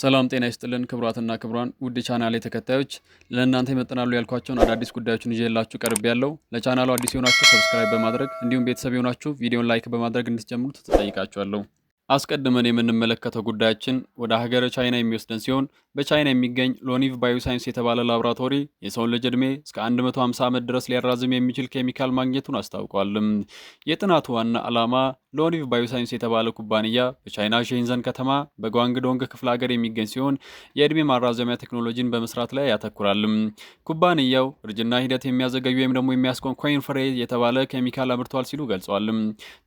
ሰላም ጤና ይስጥልን ክቡራትና ክቡራን ውድ ቻናሌ ተከታዮች ለእናንተ ይመጥናሉ ያልኳቸውን አዳዲስ ጉዳዮችን ይዤላችሁ ቀርብ ያለው ለቻናሉ አዲስ የሆናችሁ ሰብስክራይብ በማድረግ እንዲሁም ቤተሰብ የሆናችሁ ቪዲዮን ላይክ በማድረግ እንድትጀምሩ ተጠይቃችኋለሁ። አስቀድመን የምንመለከተው ጉዳያችን ወደ ሀገረ ቻይና የሚወስደን ሲሆን በቻይና የሚገኝ ሎኒቭ ባዮሳይንስ የተባለ ላብራቶሪ የሰውን ልጅ ዕድሜ እስከ 150 ዓመት ድረስ ሊያራዝም የሚችል ኬሚካል ማግኘቱን አስታውቋል። የጥናቱ ዋና ዓላማ ሎኒቭ ባዮሳይንስ የተባለ ኩባንያ በቻይና ሼንዘን ከተማ በጓንግዶንግ ክፍለ ሀገር የሚገኝ ሲሆን የዕድሜ ማራዘሚያ ቴክኖሎጂን በመስራት ላይ ያተኩራል። ኩባንያው እርጅና ሂደት የሚያዘገዩ ወይም ደግሞ የሚያስቆን ኮይን ፍሬ የተባለ ኬሚካል አምርቷል ሲሉ ገልጿል።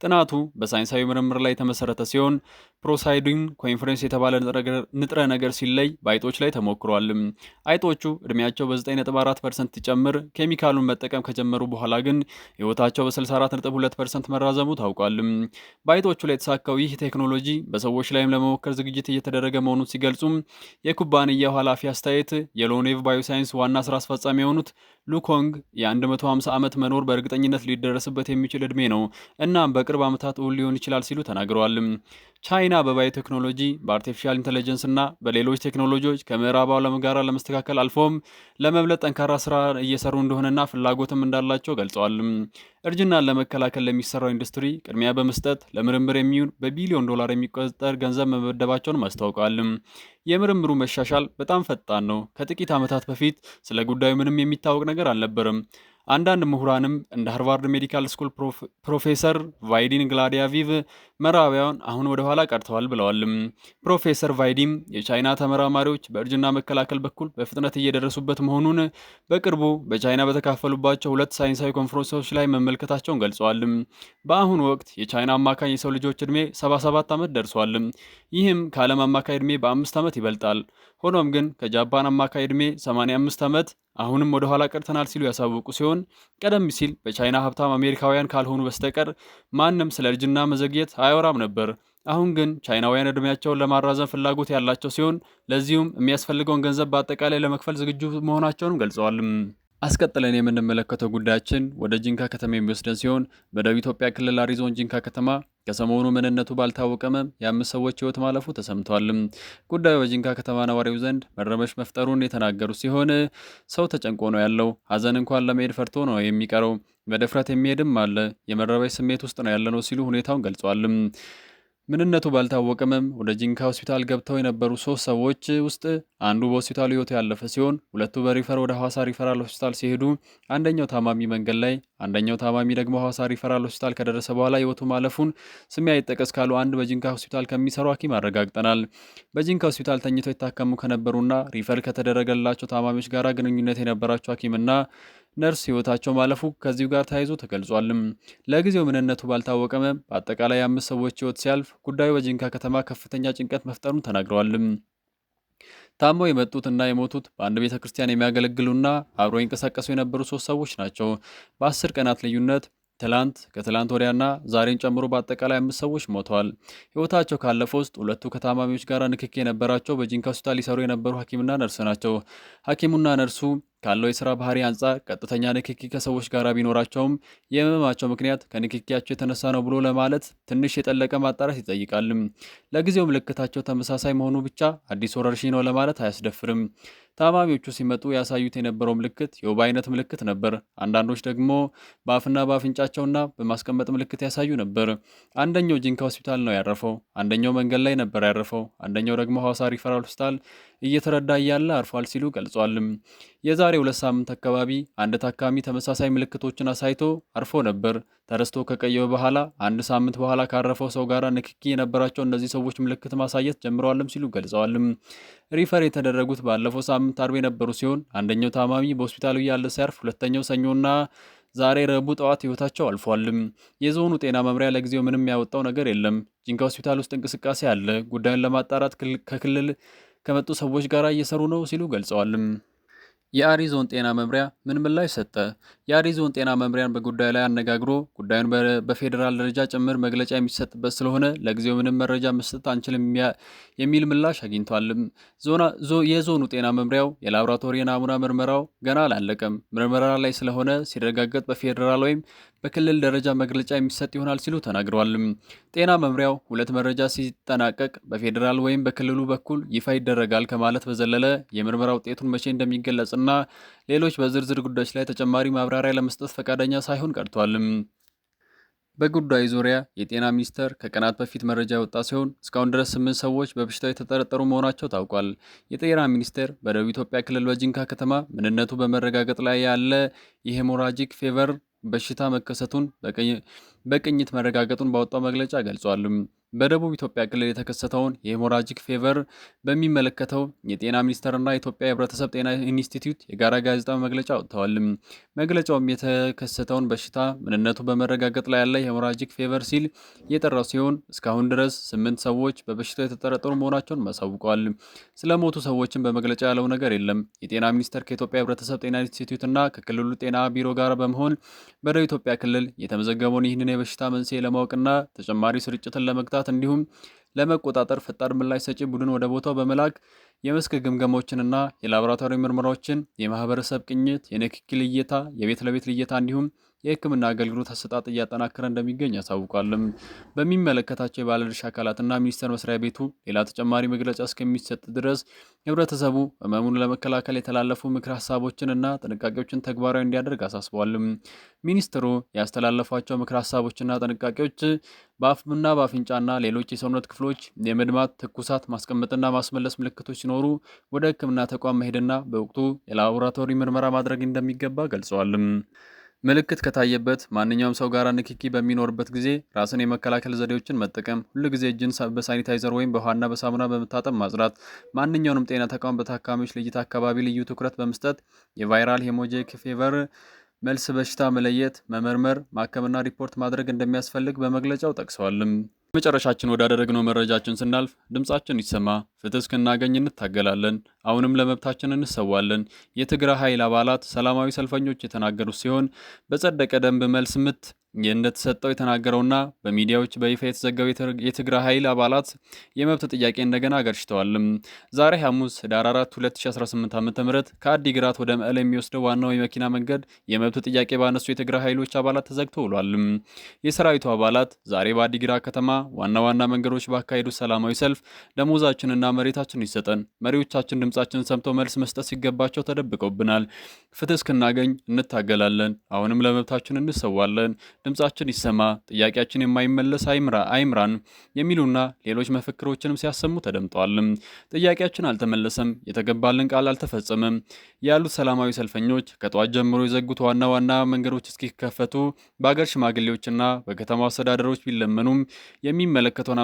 ጥናቱ በሳይንሳዊ ምርምር ላይ የተመሰረተ ሲሆን ፕሮሳይዲን ኮንፈረንስ የተባለ ንጥረ ነገር ሲለይ አይጦች ላይ ተሞክሯል። አይጦቹ እድሜያቸው በ9.4 ፐርሰንት ሲጨምር ኬሚካሉን መጠቀም ከጀመሩ በኋላ ግን ህይወታቸው በ64.2 ፐርሰንት መራዘሙ ታውቋል። በአይጦቹ ላይ የተሳካው ይህ ቴክኖሎጂ በሰዎች ላይም ለመሞከር ዝግጅት እየተደረገ መሆኑን ሲገልጹም የኩባንያው ኃላፊ አስተያየት የሎኔቭ ባዮሳይንስ ዋና ስራ አስፈጻሚ የሆኑት ሉኮንግ የ150 ዓመት መኖር በእርግጠኝነት ሊደረስበት የሚችል ዕድሜ ነው፣ እናም በቅርብ ዓመታት እውን ሊሆን ይችላል ሲሉ ተናግረዋል። ቻይና በባዮ ቴክኖሎጂ፣ በአርቲፊሻል ኢንቴሊጀንስ እና በሌሎች ቴክኖሎጂዎች ከምዕራብ ዓለም ጋር ለመስተካከል አልፎም ለመብለጥ ጠንካራ ስራ እየሰሩ እንደሆነና ፍላጎትም እንዳላቸው ገልጸዋል። እርጅናን ለመከላከል ለሚሰራው ኢንዱስትሪ ቅድሚያ በመስጠት ለምርምር የሚውል በቢሊዮን ዶላር የሚቆጠር ገንዘብ መመደባቸውን አስታውቀዋልም። የምርምሩ መሻሻል በጣም ፈጣን ነው። ከጥቂት ዓመታት በፊት ስለ ጉዳዩ ምንም የሚታወቅ ነገር አልነበርም። አንዳንድ ምሁራንም እንደ ሃርቫርድ ሜዲካል ስኩል ፕሮፌሰር ቫይዲን ግላዲያቪቭ መራቢያውን አሁን ወደ ኋላ ቀርተዋል ብለዋልም። ፕሮፌሰር ቫይዲም የቻይና ተመራማሪዎች በእርጅና መከላከል በኩል በፍጥነት እየደረሱበት መሆኑን በቅርቡ በቻይና በተካፈሉባቸው ሁለት ሳይንሳዊ ኮንፈረንሶች ላይ መመልከታቸውን ገልጸዋል። በአሁኑ ወቅት የቻይና አማካኝ የሰው ልጆች ዕድሜ 77 ዓመት ደርሷል። ይህም ከዓለም አማካኝ ዕድሜ በአምስት ዓመት ይበልጣል። ሆኖም ግን ከጃፓን አማካይ ዕድሜ 85 ዓመት አሁንም ወደ ኋላ ቀርተናል ሲሉ ያሳወቁ ሲሆን ቀደም ሲል በቻይና ሀብታም አሜሪካውያን ካልሆኑ በስተቀር ማንም ስለ እርጅና መዘግየት አያወራም ነበር። አሁን ግን ቻይናውያን ዕድሜያቸውን ለማራዘም ፍላጎት ያላቸው ሲሆን ለዚሁም የሚያስፈልገውን ገንዘብ በአጠቃላይ ለመክፈል ዝግጁ መሆናቸውንም ገልጸዋልም። አስቀጥለን የምንመለከተው ጉዳያችን ወደ ጂንካ ከተማ የሚወስደን ሲሆን በደቡብ ኢትዮጵያ ክልል አሪዞን ጂንካ ከተማ ከሰሞኑ ምንነቱ ባልታወቀ የአምስት ሰዎች ህይወት ማለፉ ተሰምቷል። ጉዳዩ በጂንካ ከተማ ነዋሪው ዘንድ መረበሽ መፍጠሩን የተናገሩ ሲሆን ሰው ተጨንቆ ነው ያለው። ሀዘን እንኳን ለመሄድ ፈርቶ ነው የሚቀረው። በድፍረት የሚሄድም አለ። የመረበሽ ስሜት ውስጥ ነው ያለነው ሲሉ ሁኔታውን ገልጿል። ምንነቱ ባልታወቀ ወደ ጂንካ ሆስፒታል ገብተው የነበሩ ሶስት ሰዎች ውስጥ አንዱ በሆስፒታሉ ህይወቱ ያለፈ ሲሆን ሁለቱ በሪፈር ወደ ሐዋሳ ሪፈራል ሆስፒታል ሲሄዱ አንደኛው ታማሚ መንገድ ላይ፣ አንደኛው ታማሚ ደግሞ ሐዋሳ ሪፈራል ሆስፒታል ከደረሰ በኋላ ህይወቱ ማለፉን ስሜ አይጠቀስ ካሉ አንድ በጂንካ ሆስፒታል ከሚሰሩ ሐኪም አረጋግጠናል። በጂንካ ሆስፒታል ተኝተው የታከሙ ከነበሩና ሪፈር ከተደረገላቸው ታማሚዎች ጋር ግንኙነት የነበራቸው ሐኪምና ነርስ ህይወታቸው ማለፉ ከዚሁ ጋር ተያይዞ ተገልጿልም። ለጊዜው ምንነቱ ባልታወቀም በአጠቃላይ አምስት ሰዎች ህይወት ሲያልፍ ጉዳዩ በጂንካ ከተማ ከፍተኛ ጭንቀት መፍጠሩን ተናግረዋልም። ታመው የመጡት እና የሞቱት በአንድ ቤተ ክርስቲያን የሚያገለግሉና አብሮ ይንቀሳቀሱ የነበሩ ሶስት ሰዎች ናቸው። በአስር ቀናት ልዩነት ትላንት ከትላንት ወዲያና ዛሬን ጨምሮ በአጠቃላይ አምስት ሰዎች ሞተዋል። ህይወታቸው ካለፈ ውስጥ ሁለቱ ከታማሚዎች ጋር ንክኪ የነበራቸው በጂንካ ሆስፒታል ሊሰሩ የነበሩ ሐኪምና ነርስ ናቸው። ሐኪሙና ነርሱ ካለው የስራ ባህሪ አንጻር ቀጥተኛ ንክኪ ከሰዎች ጋር ቢኖራቸውም የህመማቸው ምክንያት ከንክኪያቸው የተነሳ ነው ብሎ ለማለት ትንሽ የጠለቀ ማጣራት ይጠይቃልም። ለጊዜው ምልክታቸው ተመሳሳይ መሆኑ ብቻ አዲስ ወረርሽኝ ነው ለማለት አያስደፍርም። ታማሚዎቹ ሲመጡ ያሳዩት የነበረው ምልክት የወባ አይነት ምልክት ነበር። አንዳንዶች ደግሞ በአፍና በአፍንጫቸውና በማስቀመጥ ምልክት ያሳዩ ነበር። አንደኛው ጂንካ ሆስፒታል ነው ያረፈው። አንደኛው መንገድ ላይ ነበር ያረፈው። አንደኛው ደግሞ ሐዋሳ ሪፈራል ሆስፒታል እየተረዳ እያለ አርፏል ሲሉ ገልጿል። የዛሬ ሁለት ሳምንት አካባቢ አንድ ታካሚ ተመሳሳይ ምልክቶችን አሳይቶ አርፎ ነበር። ተረስቶ ከቀየው በኋላ አንድ ሳምንት በኋላ ካረፈው ሰው ጋር ንክኪ የነበራቸው እነዚህ ሰዎች ምልክት ማሳየት ጀምረዋልም ሲሉ ገልጸዋል። ሪፈር የተደረጉት ባለፈው ሳምንት አርብ የነበሩ ሲሆን አንደኛው ታማሚ በሆስፒታሉ ያለ ሲያርፍ ሁለተኛው ሰኞና ዛሬ ረቡዕ ጠዋት ህይወታቸው አልፏልም። የዞኑ ጤና መምሪያ ለጊዜው ምንም ያወጣው ነገር የለም። ጂንካ ሆስፒታል ውስጥ እንቅስቃሴ አለ። ጉዳዩን ለማጣራት ከክልል ከመጡ ሰዎች ጋር እየሰሩ ነው ሲሉ ገልጸዋልም። የአሪዞን ጤና መምሪያ ምን ምላሽ ሰጠ? የአሪዞን ጤና መምሪያን በጉዳዩ ላይ አነጋግሮ ጉዳዩን በፌዴራል ደረጃ ጭምር መግለጫ የሚሰጥበት ስለሆነ ለጊዜው ምንም መረጃ መስጠት አንችልም የሚል ምላሽ አግኝቷልም። የዞኑ ጤና መምሪያው የላቦራቶሪ ናሙና ምርመራው ገና አላለቀም፣ ምርመራ ላይ ስለሆነ ሲረጋገጥ በፌዴራል ወይም በክልል ደረጃ መግለጫ የሚሰጥ ይሆናል ሲሉ ተናግረዋልም። ጤና መምሪያው ሁለት መረጃ ሲጠናቀቅ በፌዴራል ወይም በክልሉ በኩል ይፋ ይደረጋል ከማለት በዘለለ የምርመራ ውጤቱን መቼ እንደሚገለጽ እና ሌሎች በዝርዝር ጉዳዮች ላይ ተጨማሪ ማብራሪያ ለመስጠት ፈቃደኛ ሳይሆን ቀርቷልም። በጉዳዩ ዙሪያ የጤና ሚኒስቴር ከቀናት በፊት መረጃ የወጣ ሲሆን እስካሁን ድረስ ስምንት ሰዎች በበሽታው የተጠረጠሩ መሆናቸው ታውቋል። የጤና ሚኒስቴር በደቡብ ኢትዮጵያ ክልል በጂንካ ከተማ ምንነቱ በመረጋገጥ ላይ ያለ የሄሞራጂክ ፌቨር በሽታ መከሰቱን በቅኝት መረጋገጡን ባወጣው መግለጫ ገልጿል። በደቡብ ኢትዮጵያ ክልል የተከሰተውን የሄሞራጂክ ፌቨር በሚመለከተው የጤና ሚኒስቴርና የኢትዮጵያ የህብረተሰብ ጤና ኢንስቲትዩት የጋራ ጋዜጣ መግለጫ አውጥተዋል። መግለጫውም የተከሰተውን በሽታ ምንነቱ በመረጋገጥ ላይ ያለ የሄሞራጂክ ፌቨር ሲል የጠራው ሲሆን እስካሁን ድረስ ስምንት ሰዎች በበሽታው የተጠረጠሩ መሆናቸውን ስለ ሞቱ ሰዎችን በመግለጫ ያለው ነገር የለም። የጤና ሚኒስቴር ከኢትዮጵያ የህብረተሰብ ጤና ኢንስቲትዩትና ከክልሉ ጤና ቢሮ ጋር በመሆን በደቡብ ኢትዮጵያ ክልል የተመዘገበውን ይህንን የበሽታ መንስኤ ለማወቅና ተጨማሪ ስርጭትን ለመግታት ለማምጣት እንዲሁም ለመቆጣጠር ፈጣን ምላሽ ሰጪ ቡድን ወደ ቦታው በመላክ የመስክ ግምገማዎችንና የላቦራቶሪ ምርመራዎችን፣ የማህበረሰብ ቅኝት፣ የንክኪ ልየታ፣ የቤት ለቤት ልየታ እንዲሁም የሕክምና አገልግሎት አሰጣጥ እያጠናከረ እንደሚገኝ ያሳውቋልም። በሚመለከታቸው የባለድርሻ አካላትና ሚኒስቴር መስሪያ ቤቱ ሌላ ተጨማሪ መግለጫ እስከሚሰጥ ድረስ ህብረተሰቡ ህመሙን ለመከላከል የተላለፉ ምክር ሀሳቦችንና ጥንቃቄዎችን ተግባራዊ እንዲያደርግ አሳስቧልም። ሚኒስትሩ ያስተላለፏቸው ምክር ሀሳቦችና ጥንቃቄዎች በአፍና በአፍንጫና ሌሎች የሰውነት ክፍሎች የመድማት ትኩሳት፣ ማስቀመጥና ማስመለስ ምልክቶች ሲኖሩ ወደ ሕክምና ተቋም መሄድና በወቅቱ የላቦራቶሪ ምርመራ ማድረግ እንደሚገባ ገልጸዋልም። ምልክት ከታየበት ማንኛውም ሰው ጋር ንክኪ በሚኖርበት ጊዜ ራስን የመከላከል ዘዴዎችን መጠቀም፣ ሁልጊዜ እጅን በሳኒታይዘር ወይም በውሃና በሳሙና በመታጠብ ማጽዳት፣ ማንኛውንም ጤና ተቋም በታካሚዎች ልይት አካባቢ ልዩ ትኩረት በመስጠት የቫይራል ሄሞጄክ ፌቨር መልስ በሽታ መለየት፣ መመርመር፣ ማከምና ሪፖርት ማድረግ እንደሚያስፈልግ በመግለጫው ጠቅሰዋልም። መጨረሻችን ወዳደረግነው መረጃችን ስናልፍ ድምጻችን ይሰማ፣ ፍትህ እስክናገኝ እንታገላለን፣ አሁንም ለመብታችን እንሰዋለን የትግራይ ኃይል አባላት ሰላማዊ ሰልፈኞች የተናገሩት ሲሆን በጸደቀ ደንብ መልስ ምት ይህ እንደተሰጠው የተናገረውና በሚዲያዎች በይፋ የተዘገበው የትግራይ ኃይል አባላት የመብት ጥያቄ እንደገና አገርሽተዋል። ዛሬ ሐሙስ ህዳር 4 2018 ዓ ም ከአዲግራት ወደ መዕለ የሚወስደው ዋናው የመኪና መንገድ የመብት ጥያቄ ባነሱ የትግራይ ኃይሎች አባላት ተዘግቶ ውሏል። የሰራዊቱ አባላት ዛሬ በአዲግራት ከተማ ዋና ዋና መንገዶች ባካሄዱ ሰላማዊ ሰልፍ ደሞዛችንና መሬታችን ይሰጠን፣ መሪዎቻችን ድምፃችን ሰምተው መልስ መስጠት ሲገባቸው ተደብቀውብናል፣ ፍትህ እስክናገኝ እንታገላለን፣ አሁንም ለመብታችን እንሰዋለን ድምጻችን ይሰማ፣ ጥያቄያችን የማይመለስ አይምራን የሚሉና ሌሎች መፈክሮችንም ሲያሰሙ ተደምጠዋል። ጥያቄያችን አልተመለሰም፣ የተገባልን ቃል አልተፈጸመም ያሉት ሰላማዊ ሰልፈኞች ከጠዋት ጀምሮ የዘጉት ዋና ዋና መንገዶች እስኪከፈቱ በአገር ሽማግሌዎችና በከተማ አስተዳደሮች ቢለመኑም የሚመለከተውን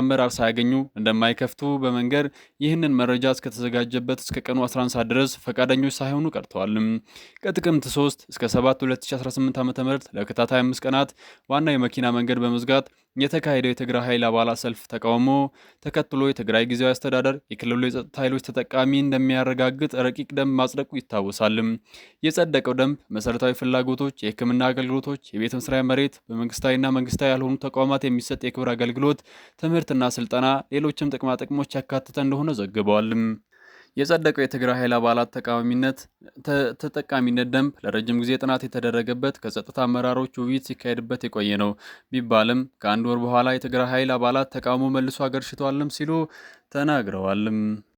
አመራር ሳያገኙ እንደማይከፍቱ በመንገር ይህንን መረጃ እስከተዘጋጀበት እስከ ቀኑ 11 ሰዓት ድረስ ፈቃደኞች ሳይሆኑ ቀርተዋል። ከጥቅምት 3 እስከ 7 2018 ዓ ም ለከታታይ አምስት ቀናት ዋና የመኪና መንገድ በመዝጋት የተካሄደው የትግራይ ኃይል አባላት ሰልፍ ተቃውሞ ተከትሎ የትግራይ ጊዜያዊ አስተዳደር የክልሉ የጸጥታ ኃይሎች ተጠቃሚ እንደሚያረጋግጥ ረቂቅ ደንብ ማጽደቁ ይታወሳልም። የጸደቀው ደንብ መሰረታዊ ፍላጎቶች፣ የሕክምና አገልግሎቶች፣ የቤት መስሪያ መሬት፣ በመንግስታዊና መንግስታዊ ያልሆኑ ተቋማት የሚሰጥ የክብር አገልግሎት፣ ትምህርትና ስልጠና፣ ሌሎችም ጥቅማጥቅሞች ያካተተ እንደሆነ ዘግበዋልም። የጸደቀው የትግራይ ኃይል አባላት ተቃዋሚነት ተጠቃሚነት ደንብ ለረጅም ጊዜ ጥናት የተደረገበት ከጸጥታ አመራሮች ውይይት ሲካሄድበት የቆየ ነው ቢባልም ከአንድ ወር በኋላ የትግራይ ኃይል አባላት ተቃውሞ መልሶ አገርሽቷልም ሲሉ ተናግረዋልም።